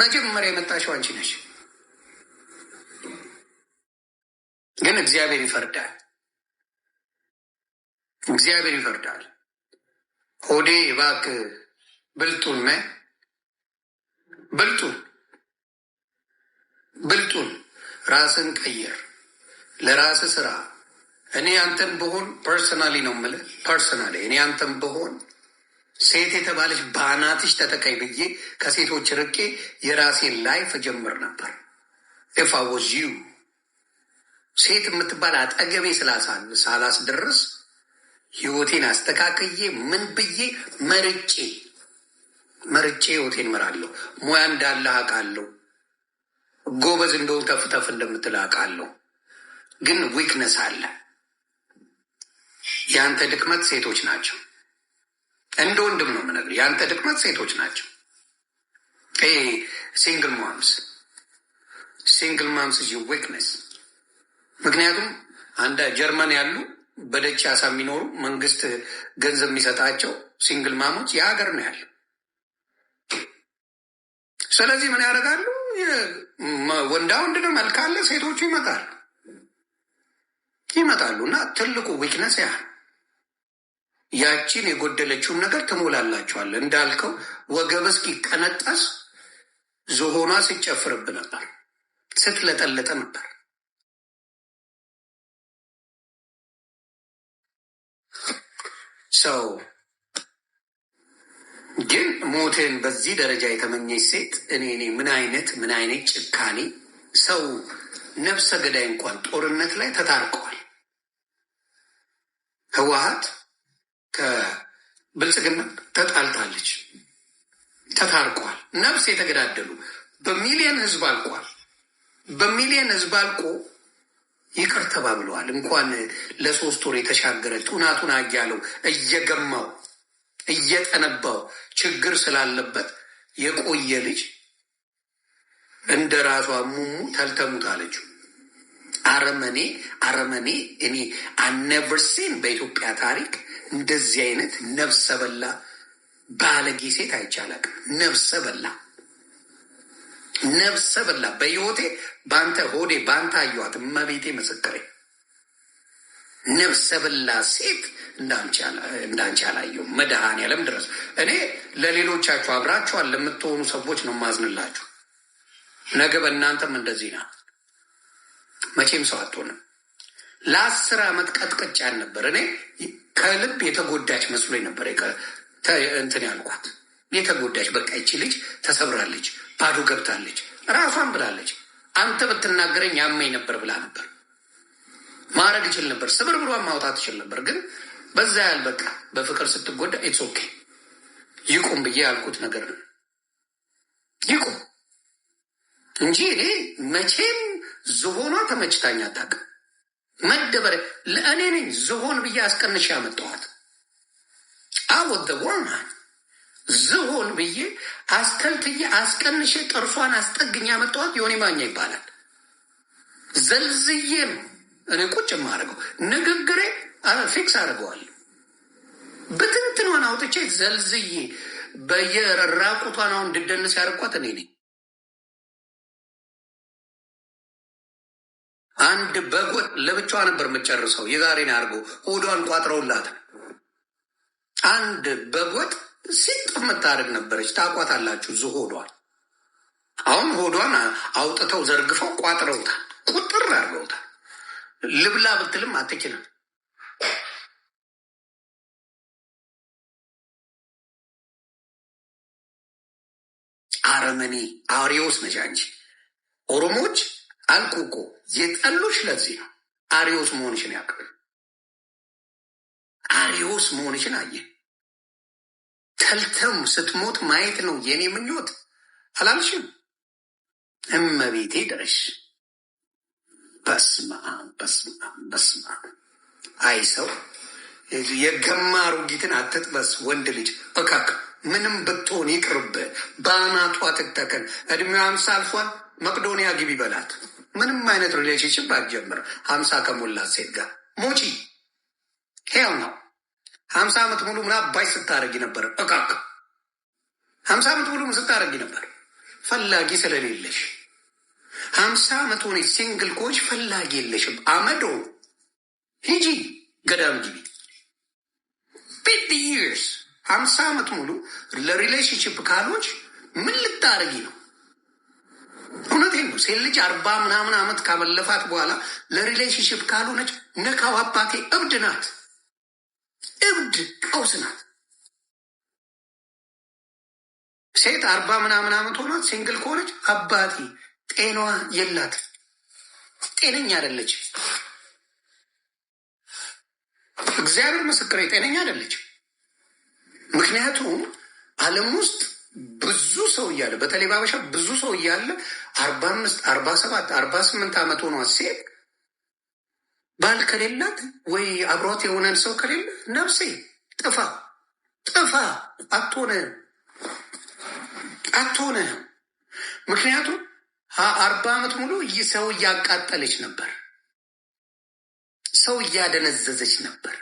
መጀመሪያ የመጣችው አንቺ ነች። ግን እግዚአብሔር ይፈርዳል። እግዚአብሔር ይፈርዳል። ሆዴ እባክህ ብልጡን መ ብልጡን ብልጡን ራስን ቀየር፣ ለራስ ስራ። እኔ አንተን ብሆን ፐርሰናሊ ነው የምልህ፣ ፐርሰናሊ እኔ አንተን ብሆን ሴት የተባለች በአናትሽ ተጠቃይ ብዬ ከሴቶች ርቄ የራሴን ላይፍ ጀምር ነበር። ኢፍ ዩ ሴት የምትባል አጠገቤ ድርስ ህይወቴን አስተካክዬ ምን ብዬ መርጬ መርጬ ህይወቴን እመራለሁ። ሙያ እንዳለ አውቃለሁ። ጎበዝ እንደሆን ተፍተፍ እንደምትል አውቃለሁ። ግን ዊክነስ አለ። የአንተ ድክመት ሴቶች ናቸው። እንደ ወንድም ነው የምነግርህ። የአንተ ድክመት ሴቶች ናቸው። ሲንግል ማምስ ሲንግል ማምስ ዊክነስ። ምክንያቱም አንድ ጀርመን ያሉ በደጭ ያሳ የሚኖሩ መንግስት ገንዘብ የሚሰጣቸው ሲንግል ማሞች የሀገር ነው ያለ። ስለዚህ ምን ያደርጋሉ? ወንዳ ወንድ ነው መልካለ ሴቶቹ ይመጣሉ ይመጣሉ እና ትልቁ ዊክነስ ያህል ያቺን የጎደለችውን ነገር ትሞላላችኋል። እንዳልከው ወገብ እስኪቀነጠስ ዝሆኗ ስጨፍርብ ነበር፣ ስትለጠለጠ ነበር። ሰው ግን ሞትን በዚህ ደረጃ የተመኘች ሴት እኔ እኔ ምን አይነት ምን አይነት ጭካኔ! ሰው ነፍሰ ገዳይ እንኳን ጦርነት ላይ ተታርቀዋል። ህወሀት ከብልጽግና ተጣልታለች፣ ተታርቋል። ነፍስ የተገዳደሉ በሚሊየን ህዝብ አልቋል። በሚሊየን ህዝብ አልቆ ይቅር ተባብለዋል። እንኳን ለሶስት ወር የተሻገረ ጡናቱን አያለው እየገማው እየጠነባው ችግር ስላለበት የቆየ ልጅ እንደ ራሷ ሙሙ ተልተሙት አለችው። አረመኔ አረመኔ እኔ አነቨርሲን በኢትዮጵያ ታሪክ እንደዚህ አይነት ነፍሰ በላ ባለጌ ሴት አይቻላቅ። ነፍሰ በላ ነፍሰ በላ በህይወቴ በአንተ ሆዴ በአንተ አየኋት። እመቤቴ ምስክሬ፣ ነፍሰ በላ ሴት እንዳንቺ አላየው። መድኃኔዓለም ድረስ እኔ ለሌሎቻችሁ አብራችኋል ለምትሆኑ ሰዎች ነው ማዝንላችሁ። ነገ በእናንተም እንደዚህ ናት። መቼም ሰው አትሆንም። ለአስር ዓመት ቀጥቅጭ ያልነበር እኔ ከልብ የተጎዳች መስሎኝ ነበር እንትን ያልኳት የተጎዳች በቃ ይቺ ልጅ ተሰብራለች፣ ባዶ ገብታለች። ራሷን ብላለች። አንተ ብትናገረኝ ያመኝ ነበር ብላ ነበር። ማድረግ ይችል ነበር፣ ስብር ብሏን ማውጣት ይችል ነበር። ግን በዛ ያህል በቃ በፍቅር ስትጎዳ ኢትስ ኦኬ ይቁም ብዬ ያልኩት ነገር ነው። ይቁም እንጂ እኔ መቼም ዝሆኗ ተመችታኝ አታውቅም። መደበር ለእኔ ነኝ ዝሆን ብዬ አስቀንሽ ያመጣኋት አወደ ወርማን ዝሆን ብዬ አስከልትዬ አስቀንሼ ጥርሷን አስጠግኝ ያመጣኋት ዮኒ ማኛ ይባላል። ዘልዝዬም እኔ ቁጭ የማደርገው ንግግሬ ፊክስ አድርገዋል። ብትንትኗን አውጥቼ ዘልዝዬ በየራቁቷን አሁን እንድደንስ ያደርኳት እኔ ነኝ። አንድ በግ ለብቻዋ ነበር የምትጨርሰው። የዛሬን አድርጎ ሆዷን ቋጥረውላት አንድ በጎጥ ሲጥ የምታደርግ ነበረች። ታቋታላችሁ። ዝ ሆዷል አሁን ሆዷን አውጥተው ዘርግፈው ቋጥረውታል። ቁጥር አድርገውታል። ልብላ ብትልም አትችልም። አረመኔ አሪዎስ ነች አንቺ ኦሮሞዎች አልቁቁ እኮ የጠሉሽ ለዚህ ነው። አሪዎስ መሆንሽን ያቅብል አሪዎስ መሆንሽን አየ ተልተም ስትሞት ማየት ነው የኔ ምኞት አላልሽም? እመቤቴ ድረሽ በስመ አብ በስመ አብ በስመ አብ አይ ሰው የገማ አሮጊትን አትጥበስ። ወንድ ልጅ እካክ ምንም ብትሆን ይቅርብ፣ በአናቷ ትተከል። እድሜዋ አምሳ አልፏል። መቅዶንያ ግቢ በላት። ምንም አይነት ሪሌሽንሽፕ ባትጀምር ሀምሳ ከሞላት ሴት ጋር ሞቺ ሄያው ነው። ሀምሳ ዓመት ሙሉ ምን አባይ ስታደረጊ ነበር? እቃቅ ሀምሳ ዓመት ሙሉ ምን ስታደረጊ ነበር? ፈላጊ ስለሌለሽ ሀምሳ ዓመት ሆነ ሲንግል ኮች ፈላጊ የለሽም። አመዶ ሂጂ ገዳም ግቢ ፊፍቲ ይርስ ሀምሳ ዓመት ሙሉ ለሪሌሽንሽፕ ካሎች ምን ልታደረጊ ነው? እውነት ነው። ሴት ልጅ አርባ ምናምን ዓመት ካበለፋት በኋላ ለሪሌሽንሽፕ ካልሆነች ነካው አባቴ እብድ ናት፣ እብድ ቀውስ ናት። ሴት አርባ ምናምን ዓመት ሆኗት ሲንግል ከሆነች አባቴ ጤናዋ የላት ጤነኛ አይደለች። እግዚአብሔር ምስክር ጤነኛ አይደለች። ምክንያቱም ዓለም ውስጥ ብዙ ሰው እያለ በተለይ ባበሻ ብዙ ሰው እያለ አርባ አምስት አርባ ሰባት አርባ ስምንት ዓመት ሆኗ ሴት ባል ከሌላት ወይ አብሯት የሆነን ሰው ከሌለ ነፍሴ ጥፋ ጥፋ አትሆነ አትሆነ። ምክንያቱም አርባ ዓመት ሙሉ ሰው እያቃጠለች ነበር፣ ሰው እያደነዘዘች ነበር።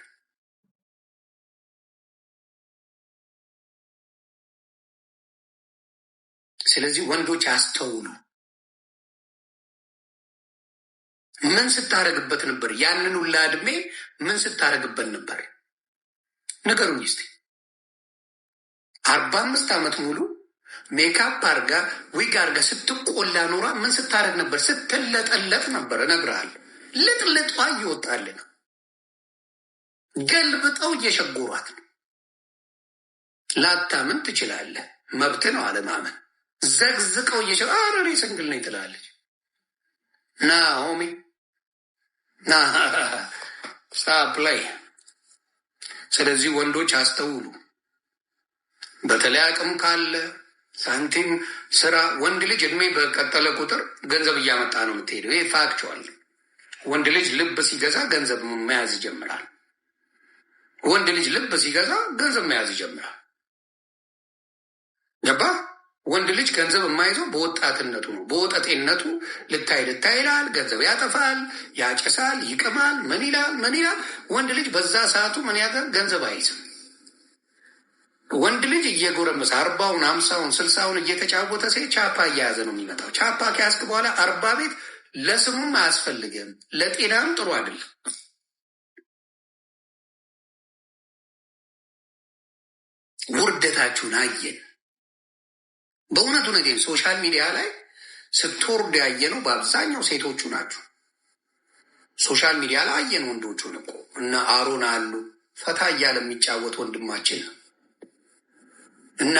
ስለዚህ ወንዶች አስተውሉ። ምን ስታረግበት ነበር? ያንን ሁላ እድሜ ምን ስታረግበት ነበር? ነገሩ እስቲ። አርባ አምስት ዓመት ሙሉ ሜካፕ አርጋ ዊግ አርጋ ስትቆላ ኖሯ ምን ስታደርግ ነበር? ስትለጠለጥ ነበር። እነግርሃለሁ፣ ልጥልጧ እየወጣል ነው። ገልብጠው እየሸጎሯት ነው። ላታምን ትችላለህ። መብት ነው አለማመን። ዘግዝቀው እየሸ ኧረ እኔ ስንግል ነኝ ትላለች። ና ሆሚ ና ስታፕ ላይ። ስለዚህ ወንዶች አስተውሉ። በተለይ አቅም ካለ ሳንቲም ስራ። ወንድ ልጅ እድሜ በቀጠለ ቁጥር ገንዘብ እያመጣ ነው የምትሄደው። ይህ ፋክቸዋል። ወንድ ልጅ ልብ ሲገዛ ገንዘብ መያዝ ይጀምራል። ወንድ ልጅ ልብ ሲገዛ ገንዘብ መያዝ ይጀምራል። ገባ ወንድ ልጅ ገንዘብ የማይዘው በወጣትነቱ ነው። በወጠጤነቱ ልታይ ልታይ ይላል፣ ገንዘብ ያጠፋል፣ ያጨሳል፣ ይቅማል፣ ምን ይላል ምን ይላል። ወንድ ልጅ በዛ ሰዓቱ ምን ያገር ገንዘብ አይዝም። ወንድ ልጅ እየጎረመሰ አርባውን አምሳውን ስልሳውን እየተጫወተ ሴት ቻፓ እየያዘ ነው የሚመጣው። ቻፓ ከያዝክ በኋላ አርባ ቤት ለስሙም አያስፈልግም፣ ለጤናም ጥሩ አይደለም። ውርደታችሁን አየን። በእውነቱ ነ ሶሻል ሚዲያ ላይ ስትወርድ ያየነው በአብዛኛው ሴቶቹ ናቸው። ሶሻል ሚዲያ ላይ አየን ወንዶቹን እኮ እነ አሮን አሉ ፈታ እያለ የሚጫወት ወንድማችን እና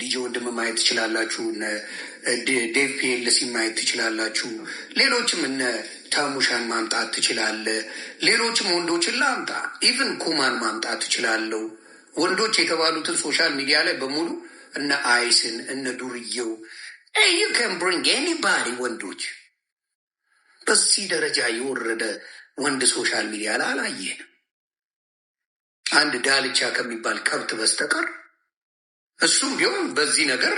ዲጂ ወንድም ማየት ትችላላችሁ። ዴቭ ፒኤልሲ ማየት ትችላላችሁ። ሌሎችም እነ ተሙሻን ማምጣት ትችላለ። ሌሎችም ወንዶችን ላምጣ። ኢቭን ኩማን ማምጣት ትችላለው። ወንዶች የተባሉትን ሶሻል ሚዲያ ላይ በሙሉ እነ አይስን እነ ዱርዬው ዩ ከን ብሪንግ ኤኒባዲ ወንዶች በዚህ ደረጃ የወረደ ወንድ ሶሻል ሚዲያ ላይ አንድ ዳልቻ ከሚባል ከብት በስተቀር እሱም ቢሆን በዚህ ነገር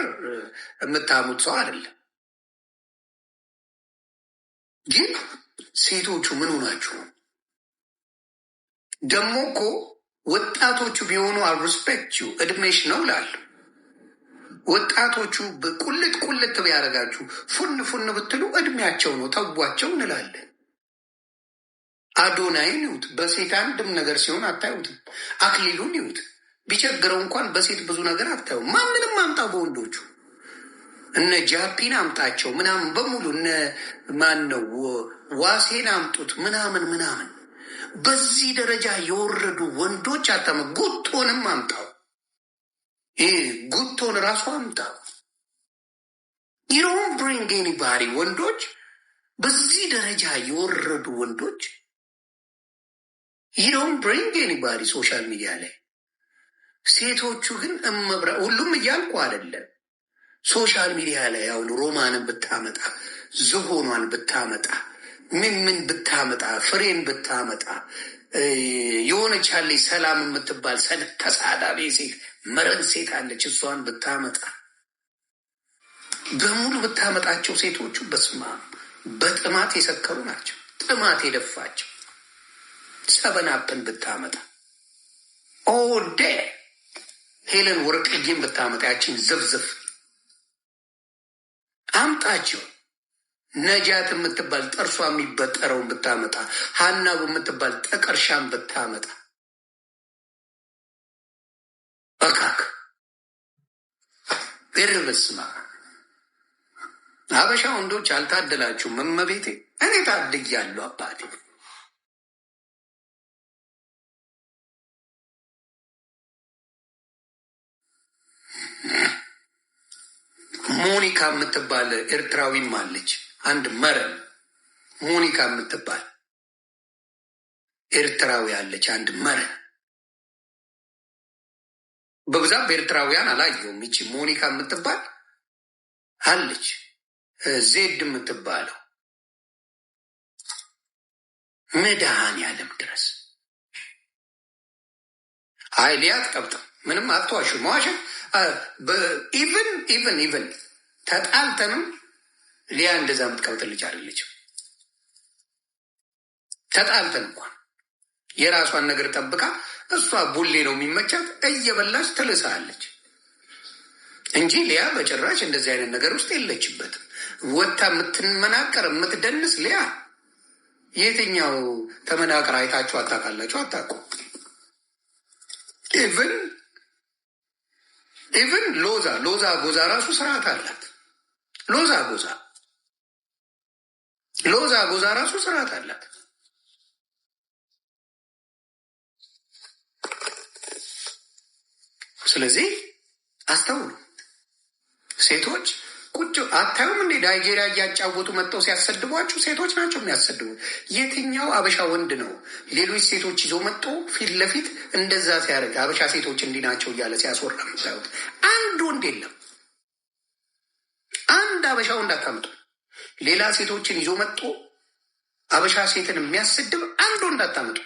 የምታሙት ሰው አይደለም። ግን ሴቶቹ ምን ሆናችሁ ደግሞ እኮ ወጣቶቹ ቢሆኑ አልሪስፔክት ዩ እድሜሽ ነው ላሉ ወጣቶቹ በቁልጥ ቁልጥ ቢያደርጋችሁ ፉን ፉን ብትሉ እድሜያቸው ነው፣ ተጓቸው እንላለን። አዶናይን ይዩት፣ በሴት አንድም ነገር ሲሆን አታዩትም። አክሊሉን ይዩት፣ ቢቸግረው እንኳን በሴት ብዙ ነገር አታዩ። ማንንም አምጣ፣ በወንዶቹ እነ ጃፒን አምጣቸው ምናምን በሙሉ እነ ማን ነው ዋሴን አምጡት ምናምን ምናምን። በዚህ ደረጃ የወረዱ ወንዶች አታመ ጉቶንም አምጣው ይሄ ጉቶን ራሱ አምጣ ይሮን ብሪንግ ኤኒባዲ ወንዶች በዚህ ደረጃ የወረዱ ወንዶች ይሮን ብሪንግ ኤኒባዲ ሶሻል ሚዲያ ላይ ሴቶቹ ግን እመብራ ሁሉም እያልኩ አይደለም። ሶሻል ሚዲያ ላይ አሁን ሮማንን ብታመጣ ዝሆኗን ብታመጣ ምን ምን ብታመጣ ፍሬን ብታመጣ የሆነች አለች ሰላም የምትባል ተሳዳቢ ሴት መረን ሴት አለች። እሷን ብታመጣ በሙሉ ብታመጣቸው ሴቶቹ በስማ በጥማት የሰከሩ ናቸው። ጥማት የደፋቸው ሰበናፕን ብታመጣ ኦዴ ሄለን ወርቅዬን ብታመጣ ያችን ዝፍዝፍ አምጣቸው። ነጃት የምትባል ጠርሷ የሚበጠረውን ብታመጣ ሀናቡ የምትባል ጠቀርሻን ብታመጣ እካክ ር በስማ ሀበሻ ወንዶች አልታደላችሁም። እመቤቴ እኔ ታድያለሁ አባቴ። ሞኒካ የምትባል ኤርትራዊም አለች። አንድ መረብ ሞኒካ የምትባል ኤርትራዊ አለች። አንድ መረብ በብዛት በኤርትራውያን አላየውም። ይቺ ሞኒካ የምትባል አለች፣ ዜድ የምትባለው መድሃን ያለም ድረስ አይሊያ አትቀብጥም። ምንም አትዋሹ። መዋሸት ኢቭን ኢቭን ኢቭን ተጣልተንም ሊያ እንደዛ የምትቀብጥ ልጅ አይደለችም። ተጣልተን እንኳን የራሷን ነገር ጠብቃ እሷ ቡሌ ነው የሚመቻት እየበላች ትልሳለች እንጂ ሊያ በጭራሽ እንደዚህ አይነት ነገር ውስጥ የለችበትም። ወታ የምትመናቀር የምትደንስ ሊያ የትኛው ተመናቀር አይታችሁ አታውቃላችሁ? አታውቁም። ኢቭን ኢቭን ሎዛ ሎዛ ጎዛ ራሱ ስርዓት አላት። ሎዛ ጎዛ ሎዛ ጎዛ ራሱ ስርዓት አላት። ስለዚህ አስተውሉ ሴቶች ቁጭ አታዩም እንዴ? ዳይጄሪያ እያጫወቱ መጥተው ሲያሰድቧችሁ ሴቶች ናቸው የሚያሰድቡ። የትኛው አበሻ ወንድ ነው ሌሎች ሴቶች ይዞ መጥቶ ፊት ለፊት እንደዛ ሲያደርግ አበሻ ሴቶች እንዲህ ናቸው እያለ ሲያስወራ የምታዩት? አንድ ወንድ የለም። አንድ አበሻ ወንድ አታምጡ። ሌላ ሴቶችን ይዞ መጥቶ አበሻ ሴትን የሚያሰድብ አንድ ወንድ አታምጡ።